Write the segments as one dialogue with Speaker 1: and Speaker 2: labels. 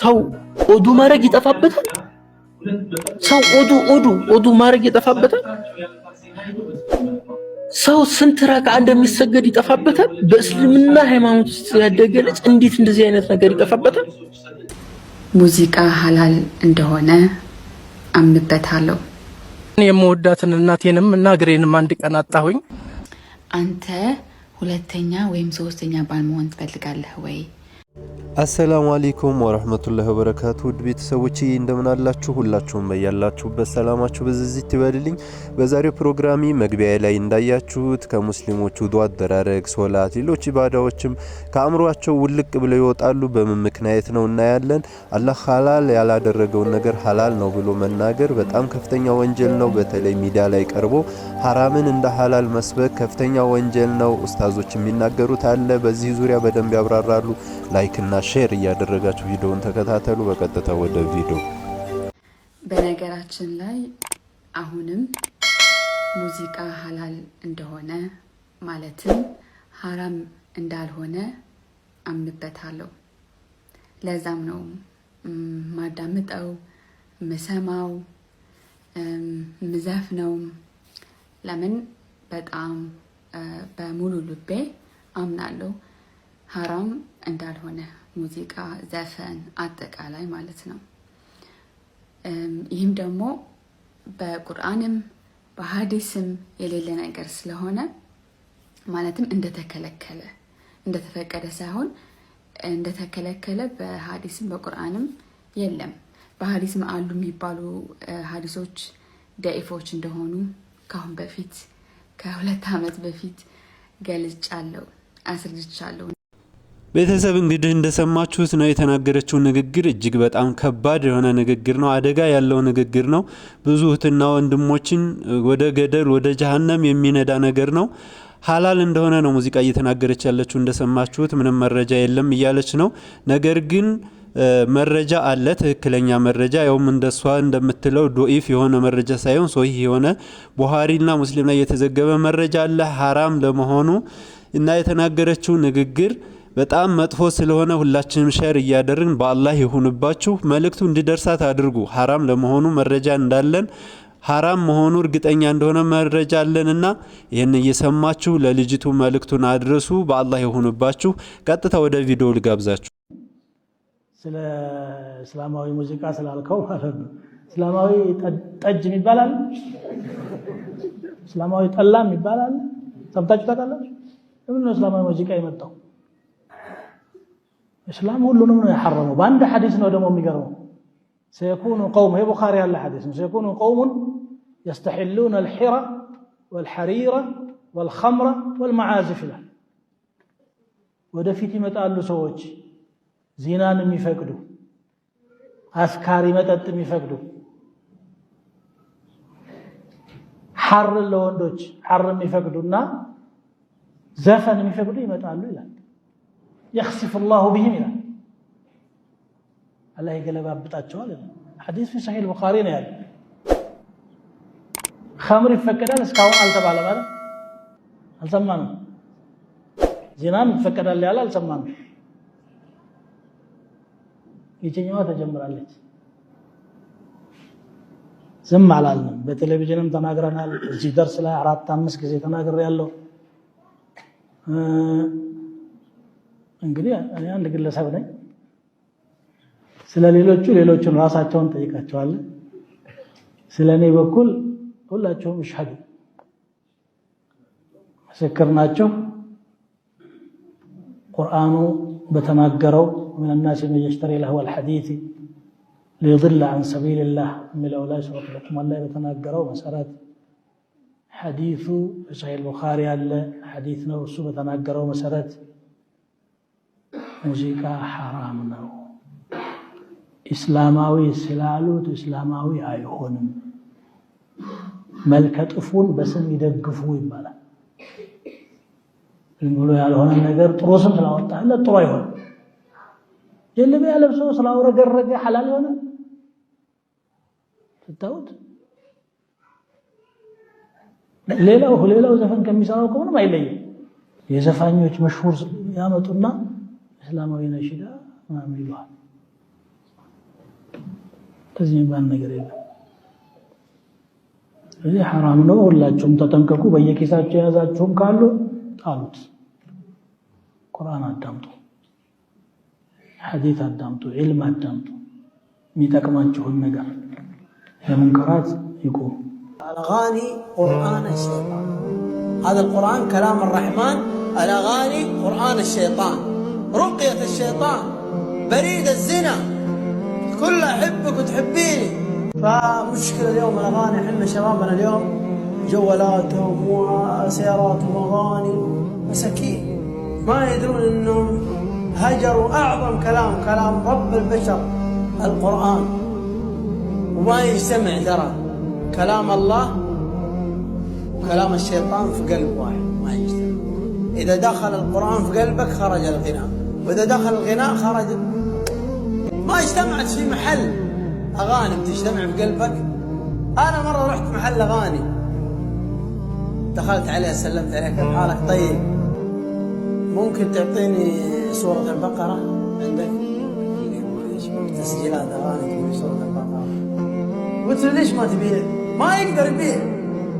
Speaker 1: ሰው ኦዱ ማድረግ ይጠፋበታል። ሰው ኦዱ ኦዱ ኦዱ ማድረግ ይጠፋበታል። ሰው ስንት ረካ እንደሚሰገድ ይጠፋበታል። በእስልምና ሃይማኖት ውስጥ ያደገ ልጅ እንዴት እንደዚህ አይነት ነገር ይጠፋበታል?
Speaker 2: ሙዚቃ ሀላል እንደሆነ አምንበታለሁ።
Speaker 1: የምወዳትን እናቴንም እና እግሬንም አንድ ቀን አጣሁኝ።
Speaker 2: አንተ ሁለተኛ ወይም ሶስተኛ ባል መሆን ትፈልጋለህ ወይ?
Speaker 3: አሰላሙ አሌይኩም ወረህመቱላህ ወበረካቱ ውድ ቤተሰቦች እንደምን አላችሁ? ሁላችሁም በያላችሁበት ሰላማችሁ በዝዝት ይበልልኝ። በዛሬው ፕሮግራሚ መግቢያ ላይ እንዳያችሁት ከሙስሊሞች ውዱ አደራረግ፣ ሶላት፣ ሌሎች ኢባዳዎችም ከአእምሯቸው ውልቅ ብለው ይወጣሉ። በምን ምክንያት ነው እናያለን። አላህ ሀላል ያላደረገውን ነገር ሀላል ነው ብሎ መናገር በጣም ከፍተኛ ወንጀል ነው። በተለይ ሚዲያ ላይ ቀርቦ ሀራምን እንደ ሀላል መስበክ ከፍተኛ ወንጀል ነው። ኡስታዞች የሚናገሩት አለ። በዚህ ዙሪያ በደንብ ያብራራሉ ላይ ላይክ እና ሼር እያደረጋችሁ ቪዲዮውን ተከታተሉ። በቀጥታ ወደ ቪዲዮ።
Speaker 2: በነገራችን ላይ አሁንም ሙዚቃ ሀላል እንደሆነ ማለትም ሀራም እንዳልሆነ አምንበታለሁ። ለዛም ነው ማዳምጠው ምሰማው ምዘፍ ነው። ለምን በጣም በሙሉ ልቤ አምናለሁ ሀራም እንዳልሆነ ሙዚቃ፣ ዘፈን አጠቃላይ ማለት ነው። ይህም ደግሞ በቁርአንም በሀዲስም የሌለ ነገር ስለሆነ ማለትም እንደተከለከለ እንደተፈቀደ ሳይሆን እንደተከለከለ በሀዲስም በቁርአንም የለም። በሀዲስም አሉ የሚባሉ ሀዲሶች ደኢፎች እንደሆኑ ከአሁን በፊት ከሁለት ዓመት በፊት ገልጫለሁ አስረድቻለሁ።
Speaker 3: ቤተሰብ እንግዲህ እንደሰማችሁት ነው። የተናገረችው ንግግር እጅግ በጣም ከባድ የሆነ ንግግር ነው። አደጋ ያለው ንግግር ነው። ብዙ እህትና ወንድሞችን ወደ ገደል ወደ ጀሀነም የሚነዳ ነገር ነው። ሀላል እንደሆነ ነው ሙዚቃ እየተናገረች ያለችው። እንደሰማችሁት ምንም መረጃ የለም እያለች ነው። ነገር ግን መረጃ አለ፣ ትክክለኛ መረጃ ያውም እንደሷ እንደምትለው ዶኢፍ የሆነ መረጃ ሳይሆን ሶሂህ የሆነ ቡሃሪና ሙስሊም ላይ የተዘገበ መረጃ አለ ሀራም ለመሆኑ እና የተናገረችው ንግግር በጣም መጥፎ ስለሆነ ሁላችንም ሸር እያደረግን በአላህ ይሁንባችሁ መልእክቱ እንዲደርሳት አድርጉ። ሀራም ለመሆኑ መረጃ እንዳለን ሀራም መሆኑ እርግጠኛ እንደሆነ መረጃ አለንና ይህን እየሰማችሁ ለልጅቱ መልእክቱን አድረሱ። በአላህ ይሁንባችሁ። ቀጥታ ወደ ቪዲዮ ልጋብዛችሁ። ስለ እስላማዊ ሙዚቃ ስላልከው ማለት ነው። እስላማዊ ጠጅ ይባላል፣ እስላማዊ ጠላም ይባላል። ሰምታችሁ ታውቃላችሁ? ለምን ነው እስላማዊ ሙዚቃ የመጣው? إسلام هو اللي نمنه يحرمه بعد حديثنا ده ما ميجروا سيكون قوم هي بخاري على حديث سيكون قوم يستحلون الحرة والحريرة والخمرة والمعازف له وده في تيمة قالوا سويتش زينان ميفقدوا أسكاري مي ميفقدوا حر اللون دوتش حر ميفقدوا زفن ميفقدوا يمتى قالوا የክሲፍ ላሁ ብሂም ይላል። አላህ ይገለባብጣቸዋል። ሐዲስ ፊ ሰሒህ ቡኻሪ ነው ያለ። ከምር ይፈቀዳል እስካሁን አልተባለም ማለት አልሰማንም። ዜናም ይፈቀዳል ያለ አልሰማንም። የቸኛዋ ተጀምራለች? ዝም አላልንም። በቴሌቪዥንም ተናግረናል። እዚህ ደርስ ላይ አራት አምስት ጊዜ ተናግሬያለሁ። እንግዲህ አንድ ግለሰብ ነኝ። ስለ ሌሎቹ ሌሎቹን ራሳቸውን ጠይቃቸዋለን። ስለ እኔ በኩል ሁላቸውም ይሻሉ ምስክር ናቸው። ቁርአኑ በተናገረው ምንናስ የሽተሪ ለህወል ሐዲት ሊድላ አን ሰቢልላህ የሚለው ላይ ሱረት ሉቅማን ላይ በተናገረው መሰረት ሐዲቱ በሶሒህ ቡኻሪ ያለ ሐዲት ነው። እሱ በተናገረው መሰረት ሙዚቃ ሐራም ነው። ኢስላማዊ ስላሉት ኢስላማዊ አይሆንም። መልከ ጥፉን በስም ይደግፉ ይባላል። ዝም ብሎ ያልሆነ ነገር ጥሩ ስም ስላወጣለት ጥሩ አይሆንም። ጀልቢያ ለብሶ ስላውረገረገ ሐላል የሆነ ስታዩት፣ ሌላው ሌላው ዘፈን ከሚሰራው ከሆነም አይለይም። የዘፋኞች መሽሁር ያመጡና እስላማዊ ነሽዳ ምናምን ይለዋል። ከዚህ የሚባል ነገር የለም። ስለዚህ ሐራም ነው። ሁላችሁም ተጠንቀቁ። በየኪሳቸው የያዛችሁም ካሉ ጣሉት። ቁርአን አዳምጡ፣ ሐዲት አዳምጡ፣ ዒልም አዳምጡ። የሚጠቅማችሁን ነገር የሙንከራት ይቁሙ። الأغاني قرآن الشيطان هذا القرآن كلام الرحمن الأغاني قرآن الشيطان رقية الشيطان بريد الزنا كل أحبك وتحبيني فمشكلة اليوم الأغاني احنا شبابنا اليوم جوالاتهم وسياراتهم أغاني مساكين ما يدرون أنهم هجروا أعظم كلام كلام رب البشر القرآن وما يجتمع ترى كلام الله وكلام الشيطان في قلب واحد ما يجتمع إذا دخل القرآن في قلبك خرج الغناء واذا دخل الغناء خرج ما اجتمعت في محل اغاني بتجتمع بقلبك انا مره رحت محل اغاني دخلت عليه سلمت عليه كيف حالك طيب ممكن تعطيني سوره البقره عندك تسجيلات اغاني سوره البقره قلت له ليش ما تبيع؟ ما يقدر يبيع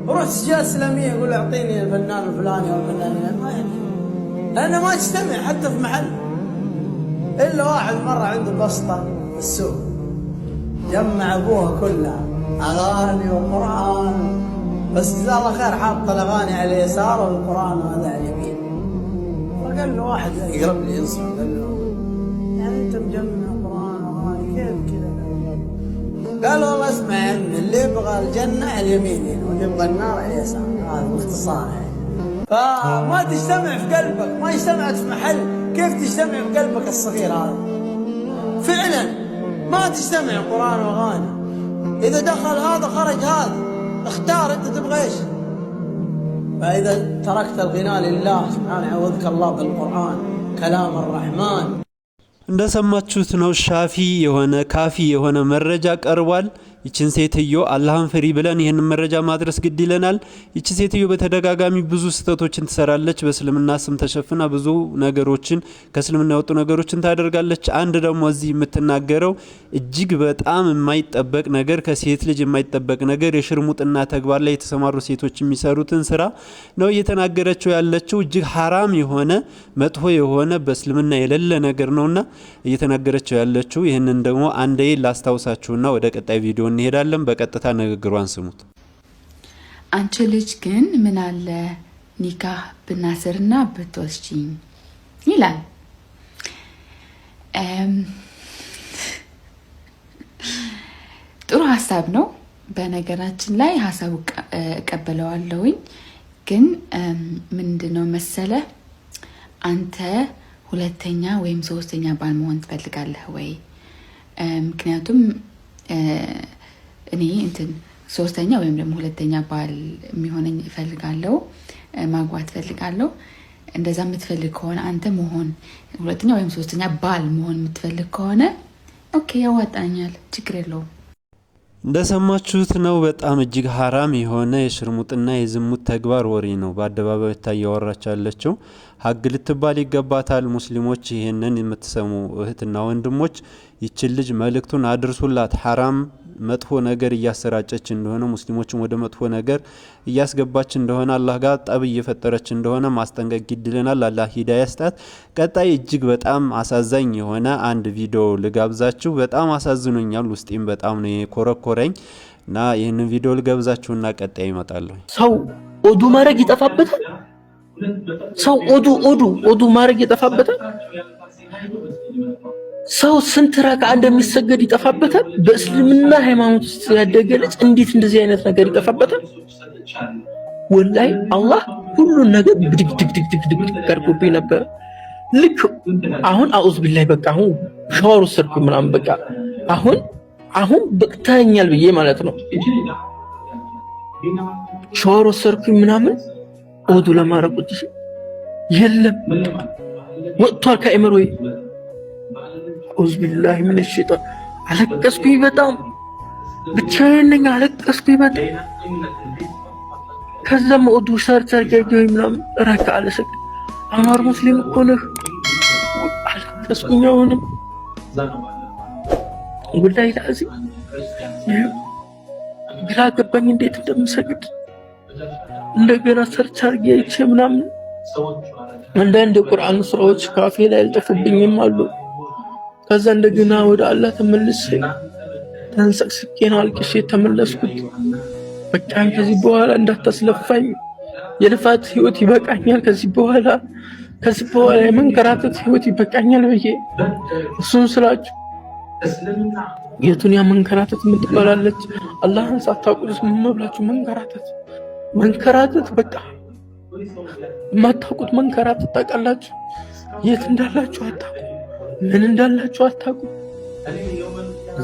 Speaker 3: روح سجال اسلاميه يقول اعطيني الفنان الفلاني او الفلاني ما يعني لانه ما تجتمع حتى في محل الا واحد مره عنده بسطه في السوق جمع ابوها كلها اغاني وقران بس جزاه الله خير حاط الاغاني على اليسار والقران هذا على اليمين فقال له واحد يقرب لي ينصح قال له يعني انت مجمع قران واغاني كيف كذا قال والله اسمع يا عمي اللي يبغى الجنه على اليمين يعني، واللي يبغى النار على اليسار هذا باختصار يعني فما تجتمع في قلبك ما اجتمعت في محل كيف تجتمع بقلبك الصغير هذا فعلا ما تجتمع قرآن وأغاني إذا دخل هذا خرج هذا اختار أنت تبغى إيش فإذا تركت الغناء لله سبحانه يعوذك الله بالقرآن كلام الرحمن እንደሰማችሁት ነው። ሻፊ የሆነ ካፊ የሆነ መረጃ ቀርቧል። ይችን ሴትዮ አላህን ፍሪ ብለን ይህን መረጃ ማድረስ ግድ ይለናል። ይቺ ሴትዮ በተደጋጋሚ ብዙ ስህተቶችን ትሰራለች። በእስልምና ስም ተሸፍና ብዙ ነገሮችን ከእስልምና የወጡ ነገሮችን ታደርጋለች። አንድ ደግሞ እዚህ የምትናገረው እጅግ በጣም የማይጠበቅ ነገር፣ ከሴት ልጅ የማይጠበቅ ነገር፣ የሽርሙጥና ተግባር ላይ የተሰማሩ ሴቶች የሚሰሩትን ስራ ነው እየተናገረችው ያለችው። እጅግ ሀራም የሆነ መጥፎ የሆነ በእስልምና የሌለ ነገር ነውና እየተናገረችው ያለችው። ይህንን ደግሞ አንዴ ላስታውሳችሁና ወደ ቀጣይ ቪዲዮ እንሄዳለን። በቀጥታ ንግግሯን ስሙት። አንቺ ልጅ ግን ምን አለ ኒካህ ብናስርና ብትወስጂኝ ይላል። ጥሩ ሀሳብ ነው። በነገራችን ላይ ሀሳቡ እቀበለዋለሁኝ። ግን ምንድነው መሰለ አንተ ሁለተኛ ወይም ሶስተኛ ባል መሆን ትፈልጋለህ ወይ? ምክንያቱም እኔ እንትን ሶስተኛ ወይም ደግሞ ሁለተኛ ባል የሚሆነኝ እፈልጋለሁ፣ ማግባት እፈልጋለሁ። እንደዛ የምትፈልግ ከሆነ አንተ መሆን ሁለተኛ ወይም ሶስተኛ ባል መሆን የምትፈልግ ከሆነ ኦኬ፣ ያዋጣኛል፣ ችግር የለውም። እንደሰማችሁት ነው። በጣም እጅግ ሀራም የሆነ የሽርሙጥና የዝሙት ተግባር ወሬ ነው በአደባባይ ታ እያወራች ያለችው። ሀግ ልትባል ይገባታል። ሙስሊሞች ይህንን የምትሰሙ እህትና ወንድሞች ይችን ልጅ መልእክቱን አድርሱላት። ሀራም መጥፎ ነገር እያሰራጨች እንደሆነ ሙስሊሞችን ወደ መጥፎ ነገር እያስገባች እንደሆነ አላህ ጋር ጠብ እየፈጠረች እንደሆነ ማስጠንቀቅ ይድልናል። አላህ ሂዳያ ስጣት። ቀጣይ እጅግ በጣም አሳዛኝ የሆነ አንድ ቪዲዮ ልጋብዛችሁ። በጣም አሳዝኖኛል። ውስጤም በጣም ነው የኮረኮረኝ እና ይህንን ቪዲዮ ልጋብዛችሁና ቀጣይ ይመጣለሁ። ሰው ኦዱ ማድረግ ይጠፋበታል። ሰው ኦዱ ኦዱ ኦዱ ማድረግ ይጠፋበታል። ሰው ስንት ረካ እንደሚሰገድ ይጠፋበታል። በእስልምና ሃይማኖት ውስጥ ያደገ ልጅ እንዴት እንደዚህ አይነት ነገር ይጠፋበታል? ወላይ አላህ ሁሉን ነገር ድግድግድግድግድግ አድርጎብኝ ነበር። ልክ አሁን አዑዝ ቢላይ በቃ አሁን ሻወር ወሰድኩ ምናምን በቃ አሁን አሁን በቅተኛል ብዬ ማለት ነው። ሻወር ወሰድኩ ምናምን ወዱ ለማረቁት የለም ወጥቷል ወይ ኡዝቢላሂ ምን ሽጣ አለቀስኩኝ። በጣም ብቻዬን ነኝ፣ አለቀስኩኝ በጣም ከዛም ኦዱ ሰርት ሰርገኝ ምናምን ረካ አለሰቅ አማር ሙስሊም እኮ ነህ። አለቀስኩኝ። አሁንም ወላሂ ላዚ ግራ ገባኝ፣ እንዴት እንደምሰግድ እንደገና ሰርች አድርጌ አይቼ ምናምን አንዳንድ የቁርአን ስራዎች ካፌ ላይ አልጠፉብኝም አሉ። ከዛ እንደገና ወደ አላህ ተመልሼ ተንሰቅስቄን አልቅሼ ተመለስኩት። በቃኝ፣ ከዚህ በኋላ እንዳታስለፋኝ፣ የልፋት ህይወት ይበቃኛል። ከዚህ በኋላ ከዚህ በኋላ የመንከራተት ህይወት ይበቃኛል ብዬ እሱን ስላችሁ የዱንያ መንከራተት የምትበላለች አላህን ሳታውቁት መብላችሁ መንከራተት መንከራተት በቃ የማታውቁት መንከራተት ታውቃላችሁ፣ የት እንዳላችሁ አታውቁ ምን እንዳላችሁ አታውቁም።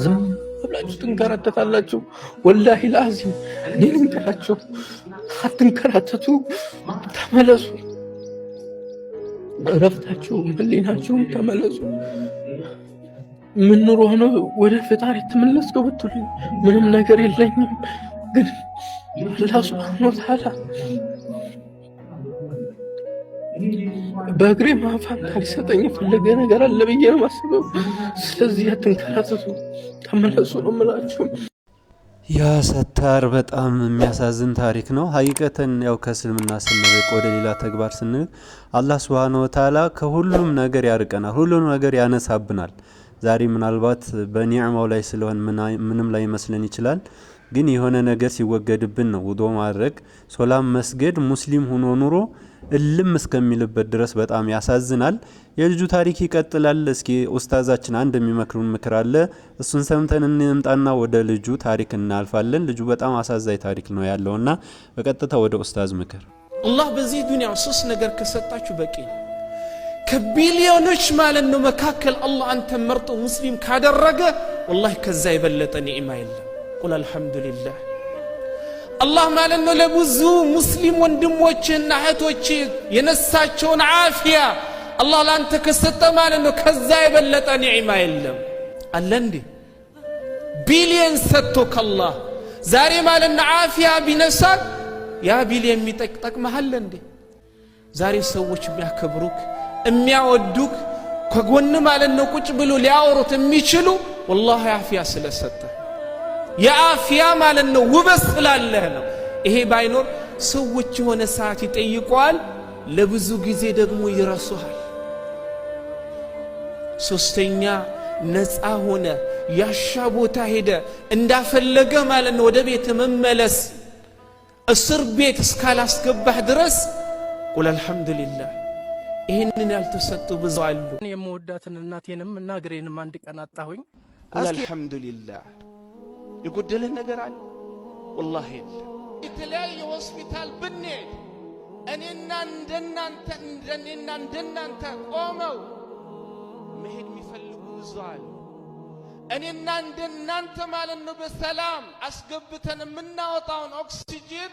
Speaker 3: ዝም ብላችሁ ትንከራተታላችሁ። ወላሂ ለአዚም እኔ ልንገራችሁ፣ አትንከራተቱ፣ ተመለሱ። እረፍታችሁም ህሊናችሁም ተመለሱ። ምን ኑሮ ሆኖ ወደ ፈጣሪ ተመለስከው ብትሉኝ ምንም ነገር የለኝም፣ ግን አላህ ሱብሓነሁ ወተዓላ በእግሬ ማፋታ ሊሰጠኝ የፈለገ ነገር አለ ብዬ ነው ማስበው። ስለዚህ አትንከራተቱ፣ ተመለሱ ነው የምላችሁ። ያ ሰታር በጣም የሚያሳዝን ታሪክ ነው። ሀቂቀትን ያው ከእስልምና ስንርቅ ወደ ሌላ ተግባር ስንል አላህ ስብሃነ ወተዓላ ከሁሉም ነገር ያርቀናል፣ ሁሉም ነገር ያነሳብናል። ዛሬ ምናልባት በኒዕማው ላይ ስለሆን ምንም ላይ ይመስለን ይችላል። ግን የሆነ ነገር ሲወገድብን ነው ውዶ ማድረግ ሶላም መስገድ ሙስሊም ሁኖ ኑሮ እልም እስከሚልበት ድረስ በጣም ያሳዝናል። የልጁ ታሪክ ይቀጥላል። እስኪ ኡስታዛችን አንድ የሚመክሩን ምክር አለ። እሱን ሰምተን እንምጣና ወደ ልጁ ታሪክ እናልፋለን። ልጁ በጣም አሳዛኝ ታሪክ ነው ያለውና በቀጥታ ወደ ኡስታዝ ምክር። አላህ በዚህ ዱንያ ሶስት ነገር ከሰጣችሁ በቂ ከቢሊዮኖች ማለት ነው መካከል አላህ አንተ መርጦ ሙስሊም ካደረገ ወላሂ ከዛ የበለጠ ኒዕማ የለም። ቁል አልሐምዱሊላህ አላህ ማለት ነው ለብዙ ሙስሊም ወንድሞችና እህቶች የነሳቸውን ዓፊያ አላህ ለአንተ ከሰጠ ማለት ነው ከዛ የበለጠ ኒዕማ የለም አለ እንዴ ቢሊየን ሰጥቶ ከአላህ ዛሬ ማለት ነው ዓፊያ ቢነሳል ያ ቢሊየን የሚጠቅመሃል እንዴ ዛሬ ሰዎች የሚያከብሩክ የሚያወዱክ ከጎን ማለት ነው ቁጭ ብሎ ሊያወሩት የሚችሉ ወላሂ ዓፊያ ስለሰጠ የአፍያ ማለት ነው፣ ውበት ስላለህ ነው። ይሄ ባይኖር ሰዎች የሆነ ሰዓት ይጠይቀዋል፣ ለብዙ ጊዜ ደግሞ ይረሱሃል። ሶስተኛ ነፃ ሆነ ያሻ ቦታ ሄደ እንዳፈለገ ማለት ነው። ወደ ቤት መመለስ እስር ቤት እስካላስገባህ ድረስ ቁል አልሐምዱሊላህ። ይህንን ያልተሰጡ ብዙ አሉ። የምወዳትን እናቴንም እና እግሬንም አንድ ቀን አጣሁኝ። አልሐምዱሊላህ يقدلن نجر عن والله يلا إتلاقي وسبيتال بنيت أنينا ندنا أنت أنينا ندنا أنت قومه مهد مفلقو زعل أنينا ندنا أنت مال النبي السلام أسقبتنا منا وطعن أكسجين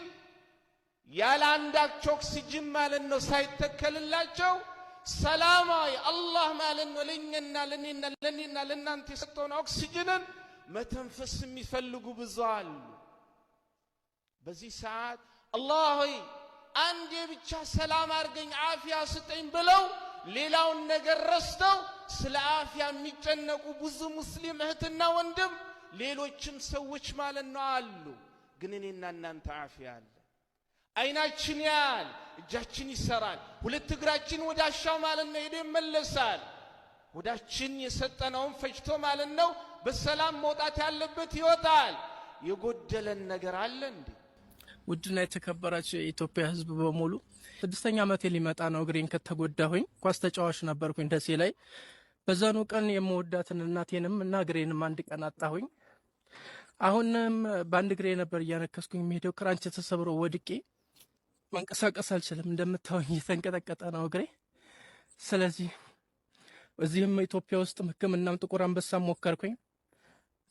Speaker 3: يا لعندك أكسجين مال النبي سيتكل الله جو سلام الله مال النبي لنينا لنينا لنينا لنينا أنت ستون أكسجين መተንፈስ የሚፈልጉ ብዙ አሉ። በዚህ ሰዓት አላህ ሆይ አንዴ ብቻ ሰላም አድርገኝ አፊያ ስጠኝ ብለው ሌላውን ነገር ረስተው ስለ አፊያ የሚጨነቁ ብዙ ሙስሊም እህትና ወንድም ሌሎችም ሰዎች ማለት ነው አሉ። ግን እኔና እናንተ አፊያ አለ። አይናችን ያል እጃችን ይሰራል፣ ሁለት እግራችን ወዳሻው ማለት ነው ሄዶ ይመለሳል። ሆዳችን የሰጠነውን ፈጭቶ ማለት ነው በሰላም መውጣት ያለበት ይወጣል። የጎደለን ነገር አለ እንዴ? ውድና የተከበራችሁ የኢትዮጵያ ሕዝብ በሙሉ ስድስተኛ ዓመቴ ሊመጣ ነው። እግሬን ከተጎዳሁኝ ኳስ ተጫዋች ነበርኩኝ ደሴ ላይ። በዛኑ ቀን የምወዳትን እናቴንም እና እግሬንም አንድ ቀን አጣሁኝ። አሁንም በአንድ እግሬ ነበር እያነከስኩኝ የሚሄደው። ክራንች ተሰብሮ ወድቄ መንቀሳቀስ አልችልም። እንደምታወኝ የተንቀጠቀጠ ነው እግሬ። ስለዚህ እዚህም ኢትዮጵያ ውስጥ ሕክምናም ጥቁር አንበሳ ሞከርኩኝ።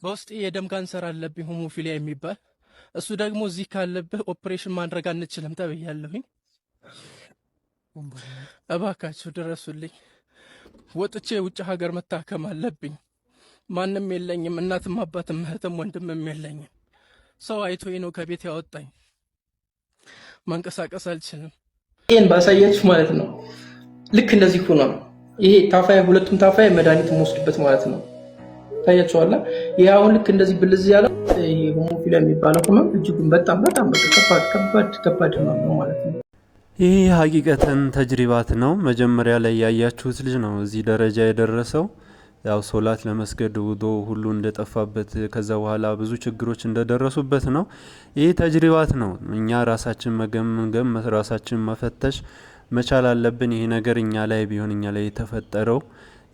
Speaker 3: በውስጥ የደም ካንሰር አለብኝ ሆሞፊሊያ የሚባል እሱ ደግሞ እዚህ ካለብህ ኦፕሬሽን ማድረግ አንችልም ተብያለሁኝ። እባካችሁ ድረሱልኝ። ወጥቼ የውጭ ሀገር መታከም አለብኝ። ማንም የለኝም፣ እናትም አባትም እህትም ወንድምም የለኝም። ሰው አይቶ ነው ከቤት ያወጣኝ። መንቀሳቀስ አልችልም። ይህን ባሳያችሁ ማለት ነው። ልክ እንደዚህ ሆኗል። ይሄ ታፋዬ ሁለቱም ታፋያ መድኃኒት የምወስድበት ማለት ነው። ታያቸዋላ። ይህ አሁን ልክ እንደዚህ ብልዝ ያለው ሆሞፊሊያ የሚባለው ህመም እጅጉን በጣም በጣም ከባድ ከባድ ህመም ነው ማለት ነው። ይህ ሀቂቀትን ተጅሪባት ነው። መጀመሪያ ላይ ያያችሁት ልጅ ነው እዚህ ደረጃ የደረሰው። ያው ሶላት ለመስገድ ውዶ ሁሉ እንደጠፋበት ከዛ በኋላ ብዙ ችግሮች እንደደረሱበት ነው። ይህ ተጅሪባት ነው። እኛ ራሳችን መገምገም፣ ራሳችን መፈተሽ መቻል አለብን። ይሄ ነገር እኛ ላይ ቢሆን እኛ ላይ የተፈጠረው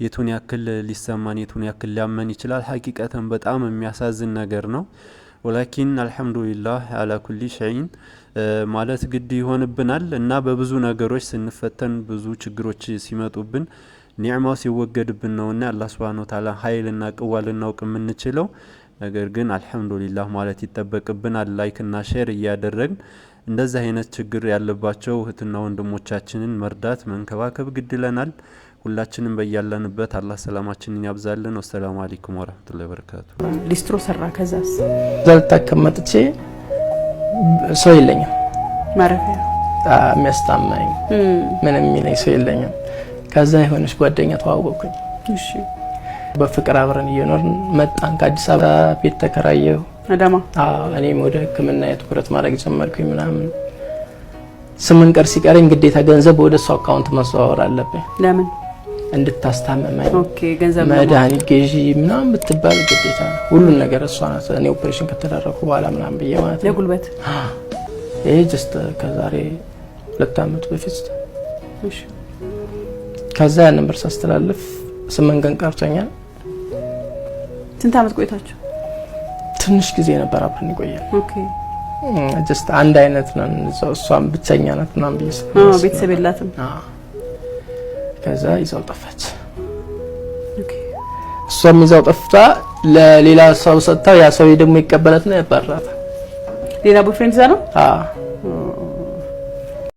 Speaker 3: የቱን ያክል ሊሰማን የቱን ያክል ሊያመን ይችላል? ሀቂቀተን በጣም የሚያሳዝን ነገር ነው። ወላኪን አልሐምዱሊላህ አላ ኩሊ ሸይን ማለት ግድ ይሆንብናል እና በብዙ ነገሮች ስንፈተን ብዙ ችግሮች ሲመጡብን ኒዕማው ሲወገድብን ነውና አላህ ሱብሃነሁ ወተዓላ ኃይልና ቅዋ ልናውቅ የምንችለው ነገር ግን አልሐምዱሊላህ ማለት ይጠበቅብናል። ላይክና ሼር እያደረግን እንደዚህ አይነት ችግር ያለባቸው እህትና ወንድሞቻችንን መርዳት መንከባከብ ግድለናል። ሁላችንም በያለንበት አላህ ሰላማችንን ያብዛልን። ወሰላሙ አለይኩም ወረህመቱላሂ ወበረካቱ። ሊስትሮ ሰራ ከዛስ ልታከም መጥቼ ሰው የለኝም ማረፊያ የሚያስታማኝ ምንም የሚለኝ ሰው የለኝም። ከዛ የሆነች ጓደኛ ተዋወቅኩኝ። በፍቅር አብረን እየኖርን መጣን። ከአዲስ አበባ ቤት ተከራየሁ አዳማ። እኔም ወደ ህክምና የትኩረት ማድረግ ጀመርኩኝ ምናምን ስምንት ቀን ሲቀረኝ ግዴታ ገንዘብ ወደ እሱ አካውንት ማዘዋወር አለብኝ። ለምን እንድታስታመመኝ መድኃኒት ገዢ ምናምን ብትባል ግዴታ ሁሉን ነገር እሷ ናት። እኔ ኦፕሬሽን ከተደረኩ በኋላ ምናምን ብዬ ማለት ነው ለጉልበት ይሄ ጀስት ከዛሬ ሁለት ዓመት በፊት ከዛ ያንን ብር ሳስተላልፍ ስምንት ቀን ቀርቶኛል። ስንት ዓመት ቆይታችሁ? ትንሽ ጊዜ ነበር አብረን ይቆያል። ጀስት አንድ አይነት ነን። እሷም ብቸኛ ናት ምናምን ብዬ ቤተሰብ የላትም ከዛ ይዛው ጠፋች። እሷም ይዛው ጠፍታ ለሌላ ሰው ሰጥታ ያ ሰው ደግሞ ነው ያባራታል። ሌላ ቦይፍሬንድ ይዛ ነው አዎ